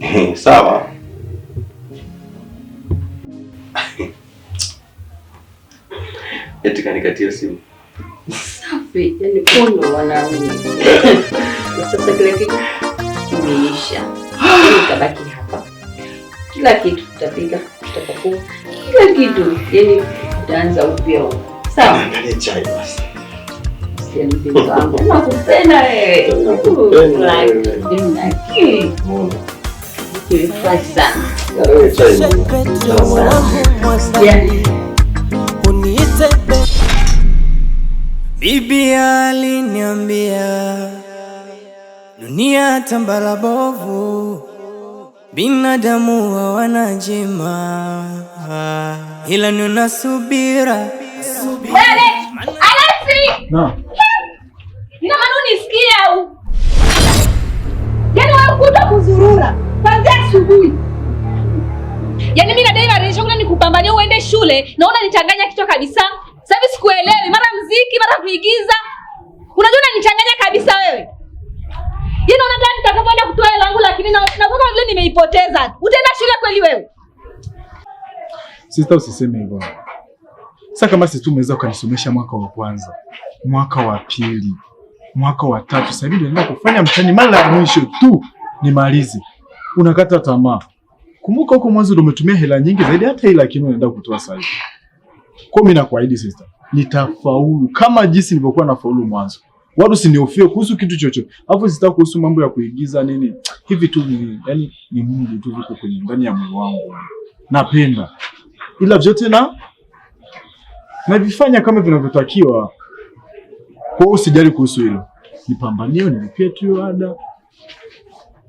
Sawa. Eti kanikatia simu. Safi, yani kono wanaume. Sasa kile kitu kimeisha. Kabaki yaani hapa. Kila kitu tutapika, tutapakua. Kila kitu, yani tutaanza upya. Sawa. Angalia chai basi. Nakupenda wewe. Nakupenda wewe. Nakupenda wewe nilifurahi Bibi aliniambia dunia tambara bovu, binadamu wa njema, ila nina subira. kuzurura kwanza asubuhi. Yaani mimi na dai kuna nikupambania uende shule, naona nichanganya kichwa kabisa. Sasa hivi sikuelewi, mara mziki, mara kuigiza. Unajua unanichanganya kabisa wewe. Yeye yaani naona tayari nitakapoenda kutoa hela yangu lakini na nakumbuka vile nimeipoteza. Utaenda shule kweli wewe? Sister usiseme hivyo. Sasa kama sisi tumeweza kunisomesha mwaka wa kwanza, mwaka wa pili, mwaka wa tatu, sasa hivi ndio kufanya mtihani mara ya mwisho tu nimalize unakata tamaa. Kumbuka huko mwanzo ndio umetumia hela nyingi zaidi hata ile lakini unaenda kutoa sasa Kwa mimi nakuahidi sister, nitafaulu kama jinsi nilivyokuwa nafaulu mwanzo. Watu sinihofie kuhusu kitu chochote. Alafu sita kuhusu mambo ya kuigiza nini. Hivi tu ni yani ni Mungu tu yuko kwenye ndani ya moyo wangu. Napenda. Ila vyote na navifanya kama vinavyotakiwa. Kwa hiyo usijali kuhusu hilo. Nipambanie, nilipie tu ada.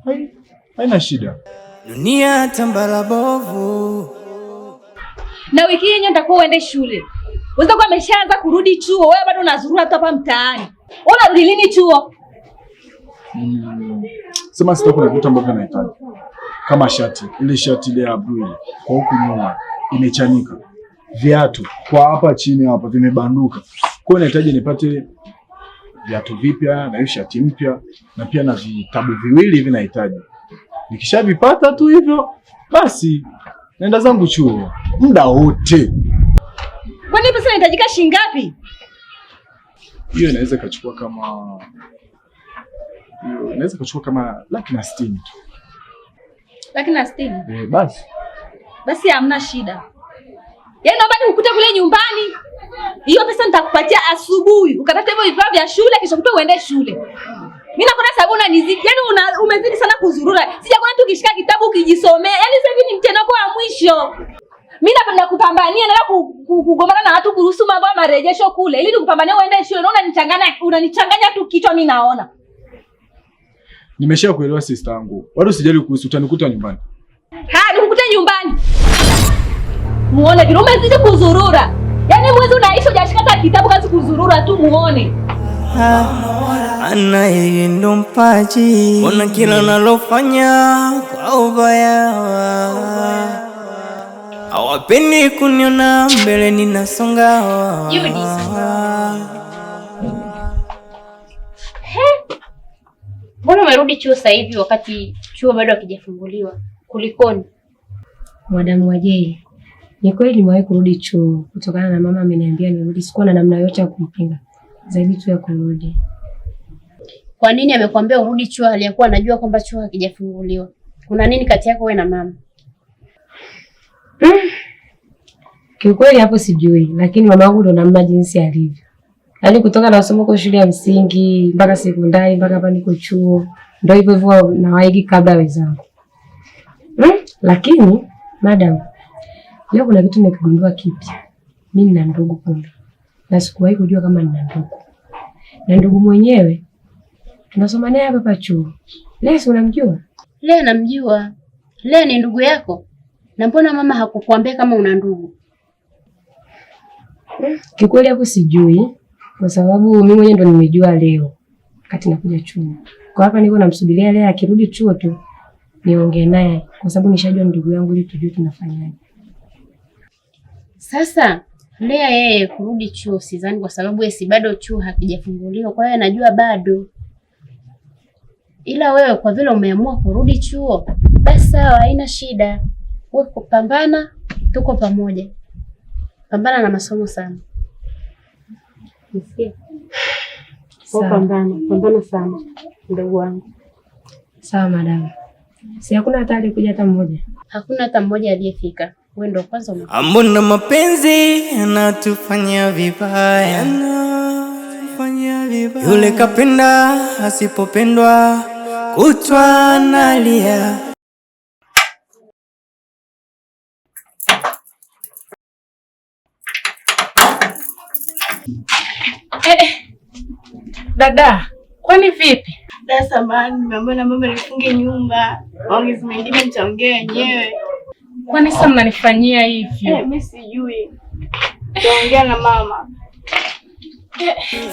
Hai. Haina shida. Dunia tambara bovu. Na wiki yenyewe nitakuwa uende shule. kwa ameshaanza kurudi chuo, wewe bado unazurura tu hapa mtaani. rudi lini chuo? Mm. Sema sita kuna vitu ambavyo nahitaji. Kama shati, ile shati ile ya blue kwa huku nyuma imechanika. Viatu kwa hapa chini hapa vimebanduka. Kwa hiyo nahitaji nipate viatu vipya na shati mpya na pia na vitabu viwili hivi nahitaji. Nikishavipata tu hivyo basi naenda zangu chuo muda wote. Kwani pesa inahitajika shilingi ngapi? Hiyo inaweza ikachukua kama hiyo inaweza ikachukua kama laki na sitini tu. Laki na sitini? Eh, basi basi hamna shida. Yaani naomba nikukute kule nyumbani, hiyo pesa nitakupatia asubuhi, ukatafuta hivyo vifaa vya shule, kisha kuta uende shule. Mimi nakuona Sabuna nizidi. Yaani una, umezidi sana kuzurura. Sijakuona tukishika kitabu ukijisomea. Yaani sasa hivi ni mtendo wako wa mwisho. Mimi napenda kupambania, nataka kugombana na watu kuhusu mambo ya marejesho kule. Ili nikupambania uende shule. Unaona unanichanganya, unanichanganya tu kichwa mimi naona. Nimesha kuelewa sister yangu. Wala usijali kuhusu, utanikuta nyumbani. Ha, nikukute nyumbani. Muone vile umezidi kuzurura. Yaani mwezi unaisha hujashika hata kitabu kazi kuzurura tu muone. Ha. Ah ndo mpaji, ona kila nalofanya kwa ubaya, hawapendi kuniona mbele ninasonga. Mbona umerudi chuo sasa hivi wakati chuo bado hakijafunguliwa? Kulikoni? Madamu Wajei, ni kweli nimewahi kurudi chuo kutokana na mama ameniambia nirudi. Sikuwa na namna yote ya kumpinga zaidi tu ya kurudi. Kwa nini amekwambia urudi chuo aliyekuwa anajua kwamba chuo hakijafunguliwa? Kuna nini kati yako wewe na mama? Mm. Kiukweli hapo sijui, lakini mama wangu ndo namna jinsi alivyo. Yaani kutoka na somo kwa shule ya msingi mpaka sekondari mpaka hapa niko chuo, ndio hivyo hivyo na waigi kabla wenzangu. Mm. Lakini madam, leo kuna kitu nimegundua kipya. Mimi nina ndugu kumbe. Na sikuwahi kujua kama nina ndugu. Na ndugu mwenyewe Tunasoma naye hapa chuo. Lea si unamjua? Lea namjua. Lea ni ndugu yako. Na mbona mama hakukuambia kama una ndugu? Kikweli hapo sijui, kwa sababu mimi mwenyewe ndo nimejua leo wakati nakuja chuo. Kwa hapa niko namsubiria Lea akirudi chuo tu niongee naye, kwa sababu nishajua ndugu yangu, ili tujue tunafanyaje. Sasa Lea yeye kurudi chuo sidhani, kwa sababu yeye si bado chuo hakijafunguliwa, kwa hiyo anajua bado ila wewe kwa vile umeamua kurudi chuo, basi sawa, haina shida. Wewe kupambana, tuko pamoja. Pambana na masomo sana, pambana pambana sana ndugu wangu. Sawa madam, si hakuna hata alikuja hata mmoja, hakuna hata mmoja aliyefika. Wewe ndio kwanza. Ambona mapenzi yanatufanya vibaya, yanatufanya vibaya. Yule kapenda asipopendwa kutwa nalia. Hey, eh, eh. dada, kwani vipi? Da, samani nimeambiwa na mama nifunge nyumba, maongezi mengine mtaongea wenyewe. Kwani sa mnanifanyia hivyo? Eh, mimi sijui, taongea na mama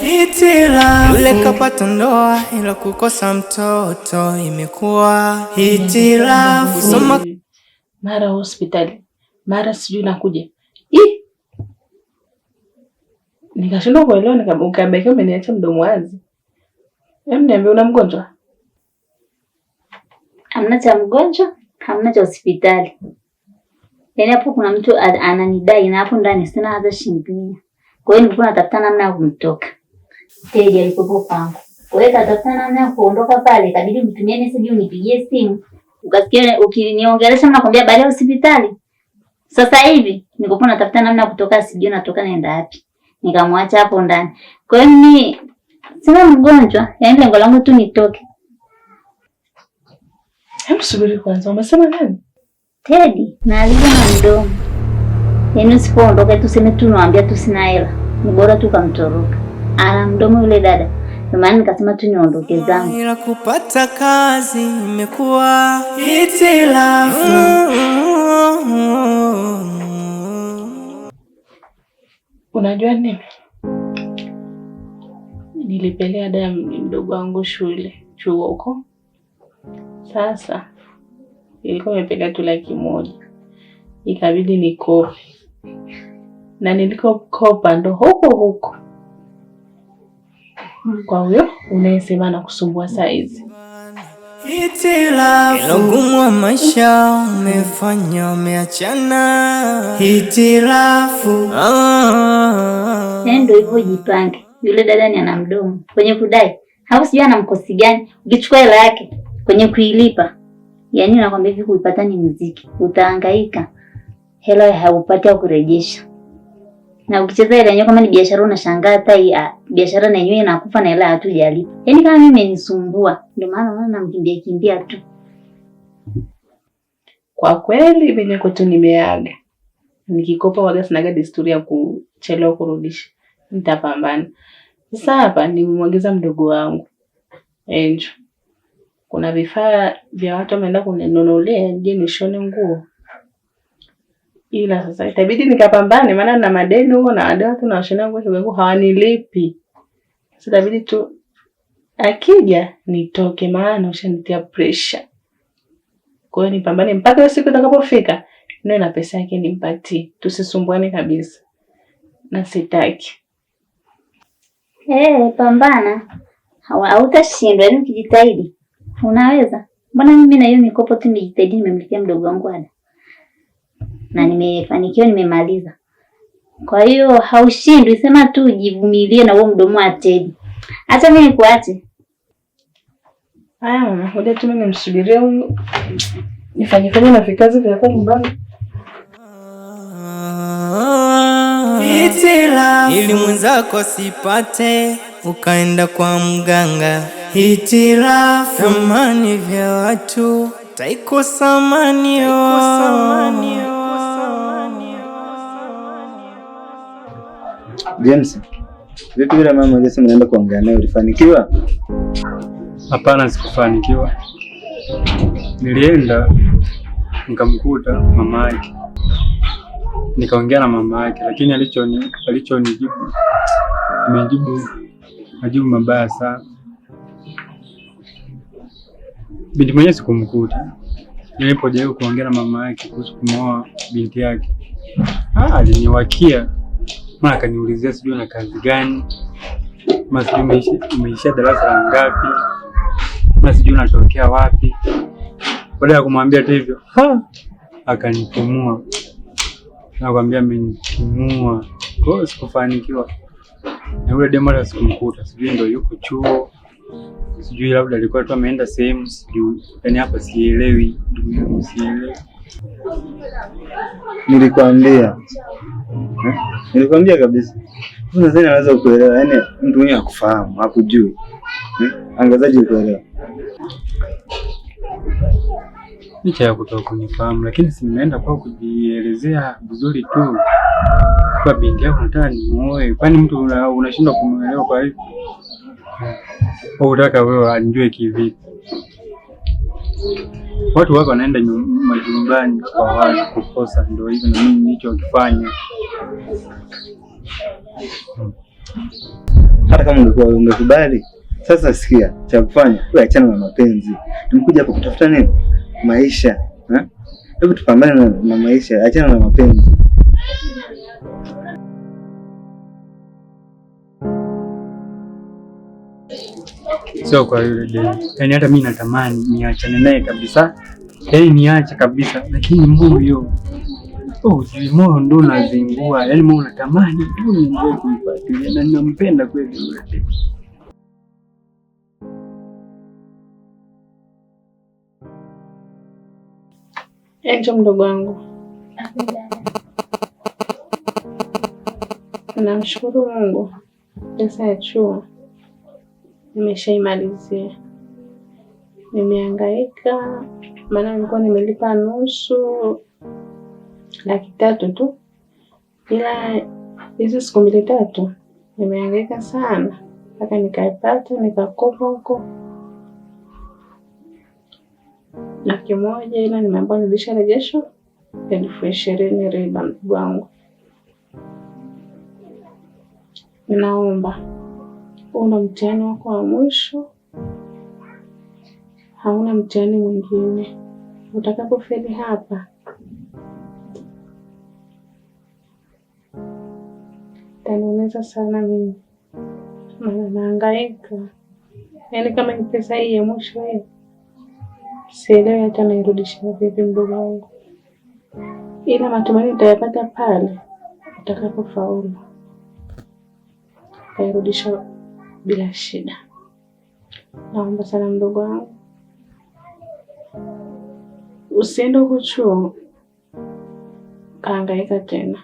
Hitilafu. Yule kapata ndoa ila kukosa mtoto imekuwa hitilafu. Kusoma mara hospitali mara sijui nakuja nikashindwa kuelewa, ukabakia umeniacha mdomo wazi. Em, niambia una mgonjwa? Amna cha mgonjwa, hamna cha hospitali. Yaani hapo kuna mtu ananidai na hapo ndani sina hata shilingi mia. Kwa hiyo nilikuwa natafuta namna ya kumtoka. Teddy alikuwa pango. Kwa hiyo natafuta namna ya kuondoka pale, ikabidi mtumie message unipigie simu. Ukasikia ukiniongelesha na nakwambia baada ya hospitali. Sasa hivi nilikuwa natafuta namna ya kutoka, sijui natoka naenda wapi. Nikamwacha hapo ndani. Kwa hiyo mimi sina mgonjwa, yaani lengo langu tu nitoke. Hebu subiri kwanza, umesema nani? Teddy, naaliza na mdomo. Yaani usipoondoka tu sema tu niwaambia tu sina hela, ni bora tu kamtoroka ala mdomo yule dada. Maana nikasema tu niondoke zangu. Ila kupata kazi imekuwa hitilafu. Unajua nini? Nilipelea dada mdogo wangu shule chuo huko. Sasa ilikuwa imepelea tu laki moja, ikabidi nikope na nilikokopa ndo huko huko kwa huyo unayesema na kusumbua saizi. Hitilafu ugumu wa maisha umefanya umeachana. Hitilafu ah. yaani ndio hivyo, jipange. Yule dadani ana mdomo kwenye kudai au sijui ana mkosi gani? Ukichukua hela yake kwenye kuilipa, yaani nakwambia hivi, kuipata ni mziki, utahangaika hela haupati au kurejesha. Na ukicheza ile yenyewe kama ni biashara unashangaa hata ah, biashara na yenyewe inakufa na hela hatujalipa. Yaani kama mimi imenisumbua ndio maana naona namkimbia kimbia tu. Kwa kweli mimi niko tu nimeaga. Nikikopa waga sinaga desturi ya kuchelewa kurudisha. Nitapambana. Sasa hapa nimemwagiza mdogo wangu. Enjo. Kuna vifaa vya watu wameenda kuninunulia je nishone nguo ila sasa itabidi nikapambane, maana na madeni huko na ada tu na washanangu hawanilipi. Sasa itabidi tu akija nitoke, maana ushanitia pressure. Kwa hiyo nipambane mpaka hiyo siku itakapofika, niwe na pesa yake nimpatie, tusisumbuane kabisa, na sitaki Hey, eh, pambana, hautashindwa. Yani ukijitahidi unaweza. Mbona mimi na hiyo mikopo tu nijitahidi, nimemlikia mdogo wangu ada na nimefanikiwa, nimemaliza. Kwa hiyo haushindwi, sema tu jivumilie na huo mdomo wa Teddy. Hata mimi nikuache. Haya mama, hoja tu mimi nimsubiria huyu nifanye fanye na vikazi vya kwa nyumbani. Ili mwenzako sipate ukaenda kwa mganga. Hitilafu, thamani vya watu taiko samani James, vipi yule mama Jesse mnaenda kuongea naye ulifanikiwa? Hapana, sikufanikiwa. Nilienda nikamkuta mama yake, nikaongea na mama yake, lakini alichoni alichonijibu amenijibu majibu mabaya sana. Binti mwenyewe sikumkuta. Nilipojaribu kuongea na mama yake kuhusu kumwoa binti yake, ah, aliniwakia mara akaniulizia sijui na kazi gani, ma sijui umeisha darasa la ngapi, ma sijui unatokea wapi. Baada ya kumwambia tu hivyo, akanipumua nakwambia, amenipumua kwa sikufanikiwa na yule demo la sikumkuta, sijui ndo yuko chuo, sijui labda alikuwa tu ameenda sehemu, sijui. Yani hapa sielewi, sielewi Nilikwambia, eh? nilikwambia kabisa. Nadhani anaweza kuelewa, yaani mtu mwenye akufahamu hakujui, eh? angazaji kuelewa licha ya kutoka kunifahamu, lakini si nimeenda kwa kujielezea vizuri tu kwa binti yako, nataka nimuoe. Kwani mtu unashindwa una kumuelewa? Kwa hivyo eh, utaka wewe anjue kivipi? watu wako wanaenda majumbani kwa watu kukosa, ndio hivyo na mimi kifanya Hata kama ungekuwa ungekubali, sasa sikia cha kufanya, achana na mapenzi. Tumekuja hapa kutafuta nini? Maisha. Eh? Hebu tupambane na maisha, achana na mapenzi. sio kwa yule demu. Yaani hata mimi natamani niachane naye kabisa, yaani niache kabisa, lakini moyo oh, sijui moyo ndo unazingua, yaani moyo natamani tu niendelee kumfuatilia na ninampenda kweli yule demu. Enjo mdogo wangu, namshukuru Mungu pesa ya chuo nimeshaimalizia. Nimehangaika maana nilikuwa nimelipa nusu laki tatu tu, ila hizo siku mbili tatu nimehangaika sana mpaka nikaipata, nikakopa huko laki moja, ila nimeambiwa nilisha rejesho elfu ishirini riba. Mdogo wangu, naomba una mtihani wako wa mwisho, hauna mtihani mwingine. Utakapofeli hapa, taniumiza sana mimi, maana nahangaika. Yaani kama ni pesa hii ya mwisho hii, sielewi hata nairudishia vipi mdogo wangu, ila matumaini utayapata pale utakapofaulu, utairudisha bila shida. Naomba sana mdogo wangu, usiende huko chuo kaangaika tena.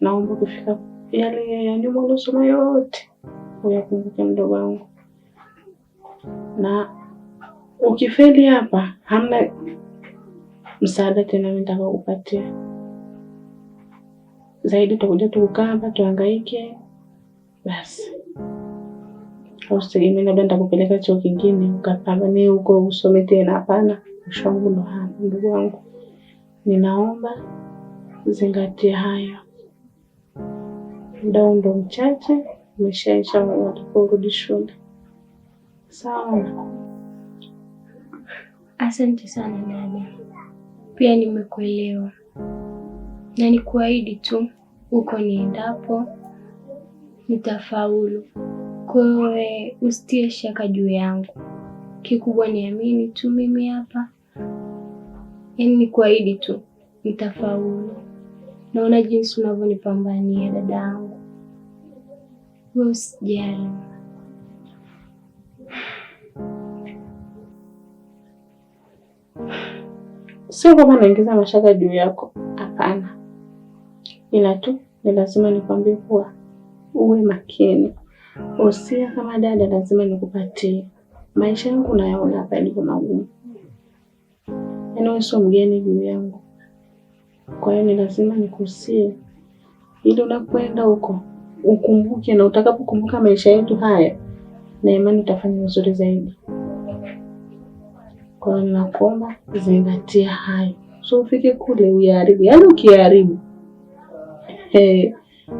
Naomba kufika yale ya nyuma uliosoma yote uyakumbuke mdogo wangu, na ukifeli hapa hamna msaada tena nitakupatia zaidi. Tutakuja tukukaa hapa tuangaike basi maisha, usitegemee labda nitakupeleka chuo kingine ukapambanie huko usome tena. Hapana, mshangu ndo hapa. Ndugu wangu, ninaomba zingatia hayo. Muda ndo mchache umeshaisha, urudi shule. Sawa, asante sana dada, pia nimekuelewa na nikuahidi tu, huko niendapo nitafaulu. Kwa hiyo wewe usitie shaka juu yangu, kikubwa niamini tu mimi hapa, yaani kuahidi tu nitafaulu. Naona jinsi unavyonipambania dada yangu, wewe usijali. Sio kwamba naingiza mashaka juu yako, hapana, ila tu ni lazima nikwambie kuwa uwe makini Usia kama dada, lazima nikupatie. Maisha yangu nayaona hapa yalivyo magumu, yaani wewe sio mgeni juu yangu. Kwa hiyo ni lazima nikusie, ili unakwenda huko ukumbuke, na utakapokumbuka maisha yetu haya, na imani utafanya vizuri zaidi. Kwa hiyo ninakuomba zingatia hayo, so ufike kule uyaharibu, yaani ukiharibu hey. Eh,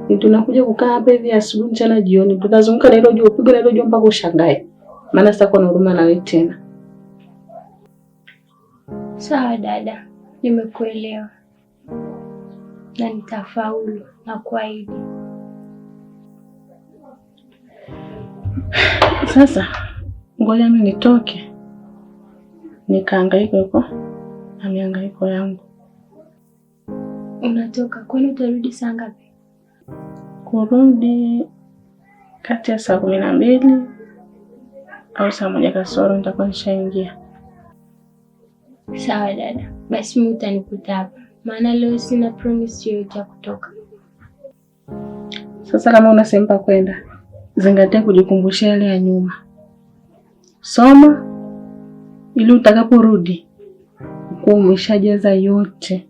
ni tunakuja kukaa hapa hivi asubuhi, mchana, jioni, tutazunguka na hilo jua, upige na hilo jua mpaka ushangae, maana sitakuwa na huruma nawe tena. Sawa dada, nimekuelewa na nitafaulu na kuahidi. Sasa ngoja mimi nitoke nikaangaika huko na mihangaiko yangu. Unatoka kwani utarudi saa ngapi? kurudi kati ya saa kumi na mbili au saa moja kasoro nitakuwa nishaingia. Sawa dada, basi mi utanikuta hapa, maana leo sina promise yoyote ya kutoka. Sasa kama una sehemu pa kwenda, zingatia kujikumbusha yale ya nyuma, soma ili utakaporudi ukuwa umeshajaza yote,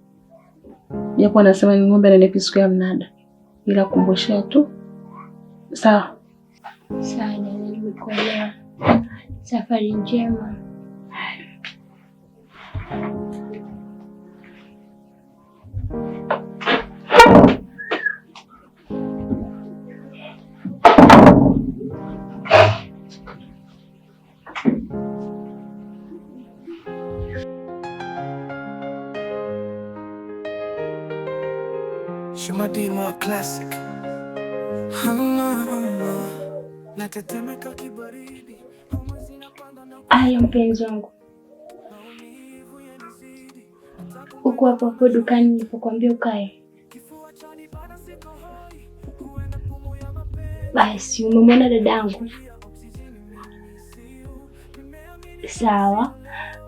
japo anasema ni ng'ombe ananipa siku ya mnada ila kumbushia tu sawa. Sawa, nimekuelewa. Safari njema. Je m'habille moi classique. Natetemeka Aya, mpenzi wangu, uko hapo hapo dukani nilipokuambia ukae. Basi umemwona dadangu? Sawa,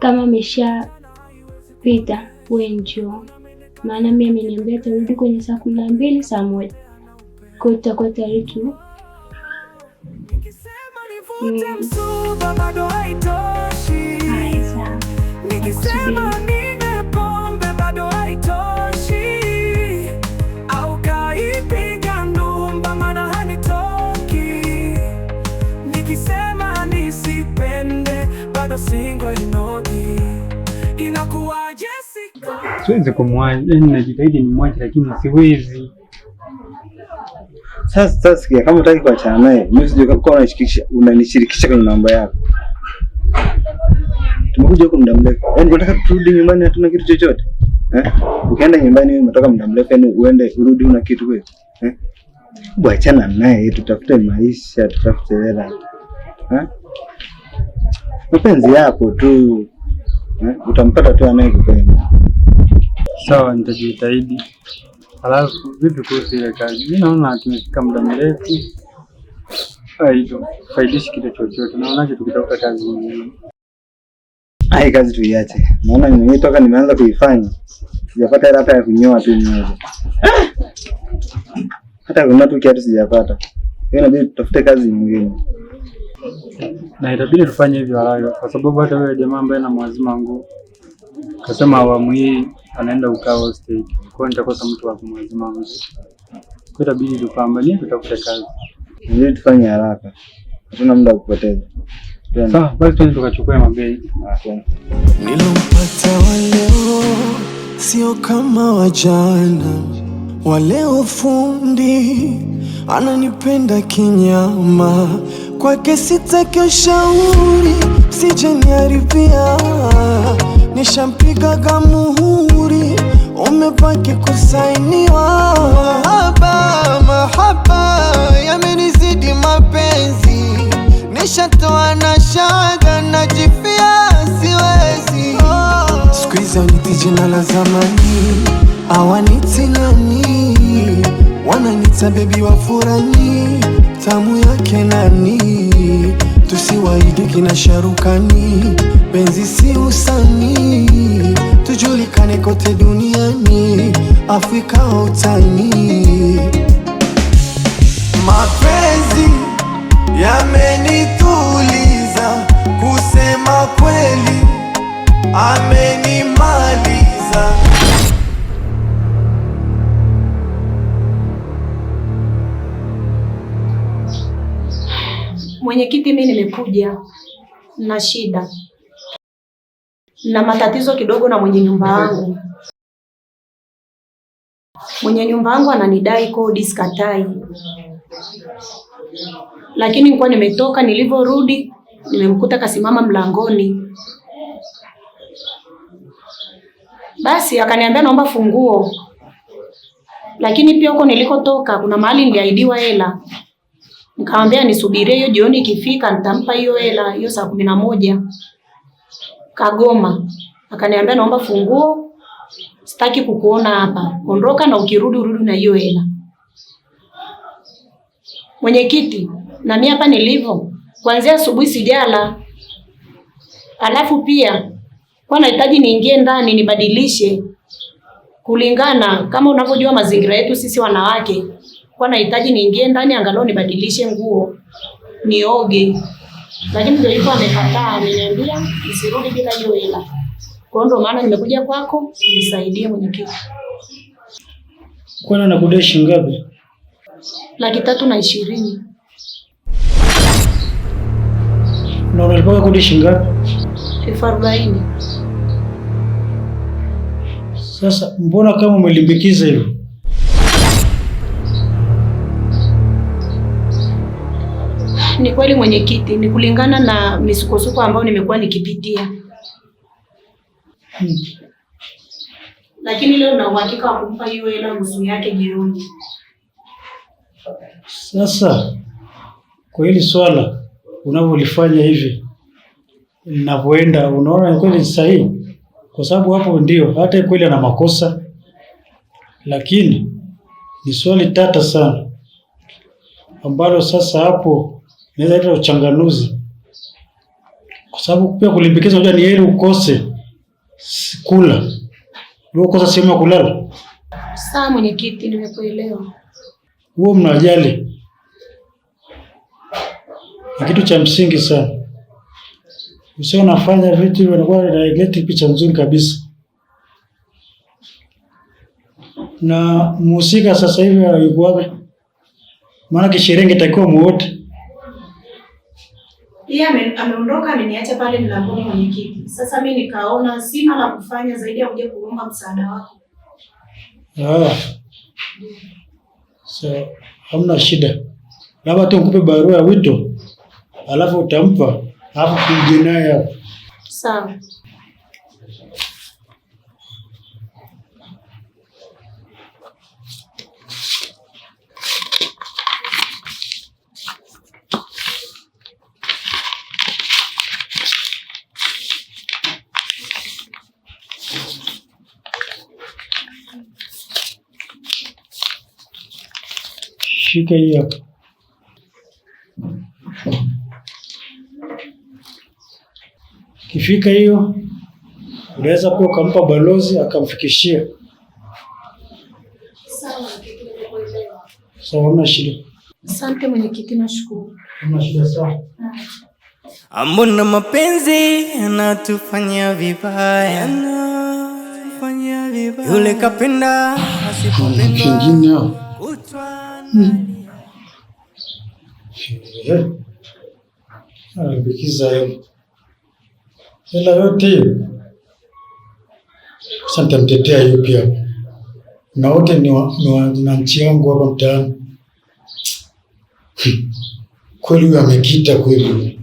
kama ameshapita, wewe njoo maana mimi ameniambia tarudi kwenye saa kumi na mbili saa moja kwa hiyo tutakuwa tayari tu bado siwezi kumwacha, yani najitahidi nimwache, lakini siwezi. Sasa sasa, sikia, kama unataka kuachana naye, mimi sijui kama unanishirikisha unanishirikisha kwenye mambo yako. Tumekuja huko muda mrefu, yani unataka turudi nyumbani, hatuna kitu chochote eh? Ukienda nyumbani wewe, umetoka muda mrefu, yani uende urudi una kitu wewe eh? Bwachana naye, tutafute maisha, tutafute hela eh? Mapenzi yako tu eh? Utampata tu anaye anayekupenda. Sawa, nitajitahidi. Alafu vipi kuhusu ile kazi? Mimi naona tumefika muda mrefu ah, faidishi kitu chochote. Naonaje tukitafuta kazi nyingine? Hai, ah, kazi tuiache. Naona mimi toka nimeanza kuifanya sijapata hata ya kunyoa tu mmoja, hata kunyoa tu kiatu sijapata. Hiyo inabidi tutafute kazi nyingine, na itabidi tufanye hivyo haraka, kwa sababu hata wewe jamaa ambaye na mwazima nguo Kasema awamu hii anaenda ukaa hostel, kwa nitakosa mtu wa mzee, kwa itabidi tupambanie, tutafute kazi ili tufanye haraka, hatuna muda wa kupoteza. Sawa, basi twende tukachukua mabei. Ah, Nilompata waleo sio kama wajana, waleo fundi ananipenda kinyama, kwake sitaki ushauri, sijaniharibia nishampiga gamuhuri, umebaki kusainiwa. Mahaba mahaba yamenizidi mapenzi, nishatoa na shaga najifia siwezi. Siku hizi waniti jina la zamani, awaniti nani, wananita bebi wa furani, tamu yake nani waidi kina sharukani, penzi si usanii, tujulikane kote duniani, Afrika utani, mapenzi yame Mwenyekiti, mimi nimekuja na shida na matatizo kidogo na mwenye nyumba yangu Mwenye nyumba yangu ananidai kodi sikatai, lakini nilikuwa nimetoka, nilivyorudi nimemkuta kasimama mlangoni, basi akaniambia naomba funguo, lakini pia huko nilikotoka kuna mahali niliahidiwa hela Nikamwambia nisubirie hiyo jioni ikifika nitampa hiyo hela hiyo saa kumi na moja. Kagoma. Akaniambia naomba funguo. Sitaki kukuona hapa. Ondoka na ukirudi urudi na hiyo hela. Mwenyekiti, na mimi hapa nilivyo kuanzia asubuhi sijala. Alafu pia kwa nahitaji niingie ndani nibadilishe kulingana kama unavyojua mazingira yetu sisi wanawake kwa nahitaji niingie ndani angalau nibadilishe nguo nioge, lakini ndio hivyo, amekataa. Ameniambia nisirudi bila hiyo hela. Kwa ndio maana nimekuja kwako nisaidie mwenyekiti. Kwani nakudai shilingi ngapi? Laki tatu na ishirini. Na unalipaka kodi shilingi ngapi? elfu arobaini. Sasa mbona kama umelimbikiza hivyo? Ni kweli mwenyekiti, ni kulingana na misukosuko ambayo nimekuwa nikipitia hmm. Lakini leo na uhakika wa kumpa hiyo hela nusu yake jioni. Sasa kwa hili swala unavyolifanya hivi ninavyoenda, unaona kweli sahihi, kwa sababu hapo ndio hata kweli ana makosa, lakini ni swali tata sana ambalo sasa hapo inaweza leta uchanganuzi, kwa sababu pia kulimbikiza, unajua ni heri ukose kula uliokosa sehemu ya kulala. Sawa mwenyekiti, nimekuelewa. Huo mnajali ni kitu cha msingi sana, usio nafanya vitu hivyo, inakuwa inaleta picha nzuri kabisa na mhusika sasa hivi yuko wapi? Maana kisheria ingetakiwa muote yeye ameondoka ameniacha pale mlangoni mwenyekiti Sasa mimi nikaona sina la kufanya zaidi ya kuja kuomba msaada wako. Ah. So, hamna shida. Labda tu nikupe barua ya wito. Alafu utampa. Alafu kijina yako. Sawa. Shika hiyo. Kifika hiyo, unaweza kuwa ukampa balozi akamfikishia. Sawa, hamna shida. Asante mwenyekiti, nashukuru. Hamna shida sawa. Ambona mapenzi yanatufanya vibaya, yanatufanya Yule kapenda asipopenda. Alibikiza hela yote hiyo, sasa nitamtetea yupi hapo? Na wote ni wananchi wangu hapa mtaani. Kweli huyu amekita kweli.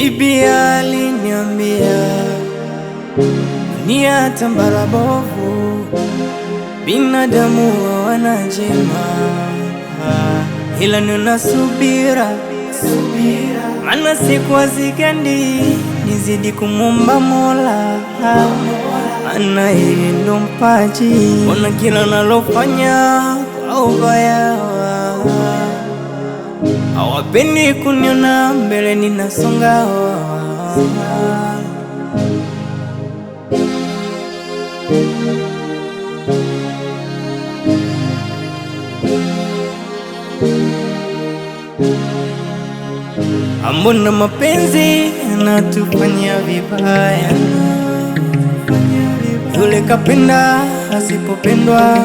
Bibi aliniambia dunia tambara bovu, binadamu wa wanajema ila nina subira, mana siku hazikendi, nizidi kumwomba Mola, maana yeye ndo mpaji, ona kila nalofanya kwa ubaya hawapendi kuniona mbele ninasonga, ambona mapenzi anatufanya vibaya yule kapenda asipopendwa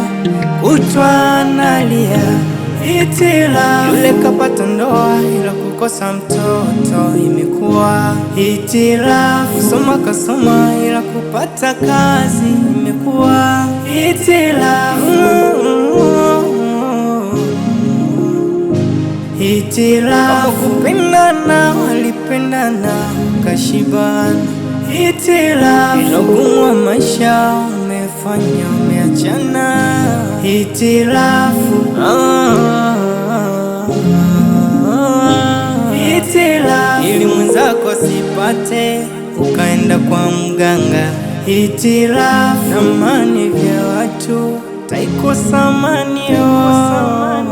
kutwa nalia Itila yule kapata ndoa ila kukosa mtoto imekuwa itila. Kusoma kasoma ila kupata kazi imekuwa itila. Itila kupendana walipendana kashibana itila. Ilogumwa maisha umefanya umeachana Hitilafu, ili mwenzako sipate ukaenda kwa mganga. Hitilafu, thamani vya watu taiko samani